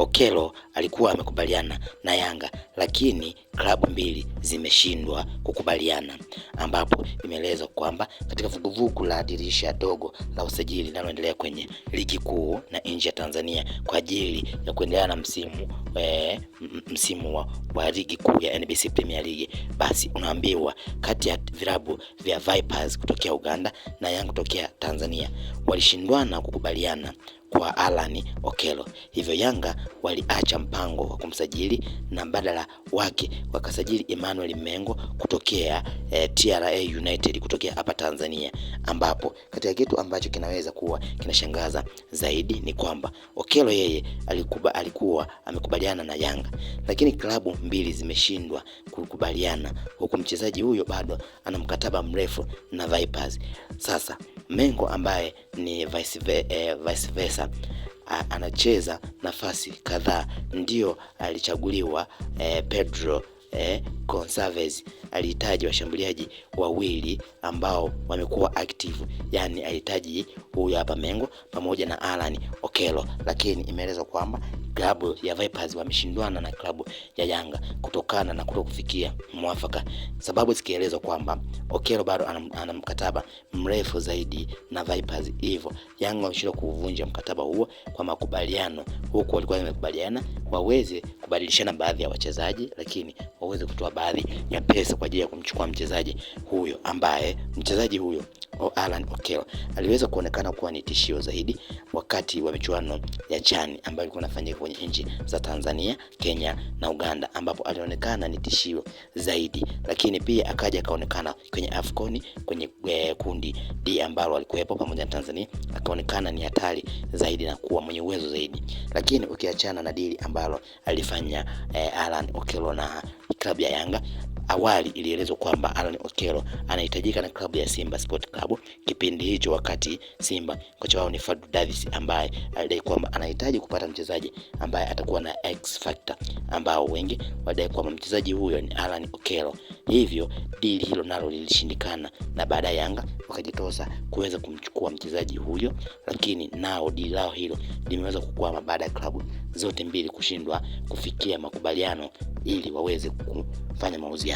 Okelo alikuwa amekubaliana na Yanga, lakini klabu mbili zimeshindwa kukubaliana, ambapo imeelezwa kwamba katika vuguvugu la dirisha dogo la usajili linaloendelea kwenye ligi kuu na nje ya Tanzania kwa ajili ya kuendelea na msimu e, msimu wa, wa ligi kuu ya NBC Premier League, basi unaambiwa kati ya vilabu vya Vipers kutokea Uganda na Yanga kutokea Tanzania walishindwana kukubaliana kwa Alan Okelo. Hivyo Yanga waliacha mpango wa kumsajili na mbadala wake wakasajili Emmanuel Mengo kutokea eh, TRA United kutokea hapa Tanzania, ambapo katika kitu ambacho kinaweza kuwa kinashangaza zaidi ni kwamba okelo yeye alikuwa, alikuwa amekubaliana na Yanga, lakini klabu mbili zimeshindwa kukubaliana, huku mchezaji huyo bado ana mkataba mrefu na Vipers. Sasa Mengo ambaye ni vice, eh, vice versa sasa a, anacheza nafasi kadhaa, ndio alichaguliwa e, Pedro Eh, Gonçalves alihitaji washambuliaji wawili ambao wamekuwa active, yani alihitaji huyu hapa Mengo pamoja na Alan Okelo, lakini imeelezwa kwamba klabu ya Vipers wameshindwana na klabu ya Yanga kutokana na kutokufikia mwafaka, sababu zikielezwa kwamba Okero bado ana mkataba mrefu zaidi na Vipers, hivyo Yanga wameshindwa kuvunja mkataba huo kwa makubaliano, huku walikuwa wamekubaliana waweze kubadilishana baadhi ya wachezaji, lakini waweze kutoa baadhi ya pesa kwa ajili ya kumchukua mchezaji huyo ambaye mchezaji huyo Alan Okello aliweza kuonekana kuwa ni tishio zaidi wakati wa michuano ya chani ambayo ilikuwa inafanyika kwenye nchi za Tanzania, Kenya na Uganda, ambapo alionekana ni tishio zaidi, lakini pia akaja akaonekana kwenye Afcon kwenye e, kundi D ambalo alikuwepo pamoja na Tanzania, akaonekana ni hatari zaidi na kuwa mwenye uwezo zaidi, lakini ukiachana na dili ambalo alifanya e, Alan Okello na klabu ya Yanga Awali ilielezwa kwamba Alan Okello anahitajika na klabu ya Simba Sport Club kipindi hicho, wakati Simba kocha wao ni Fadlu Davis ambaye alidai kwamba anahitaji kupata mchezaji ambaye atakuwa na X factor, ambao wengi wadai kwamba mchezaji huyo ni Alan Okello. Hivyo dili hilo nalo lilishindikana, na baadaye Yanga wakajitosa kuweza kumchukua mchezaji huyo, lakini nao dili lao hilo limeweza kukwama baada ya klabu zote mbili kushindwa kufikia makubaliano ili waweze kufanya mauziano.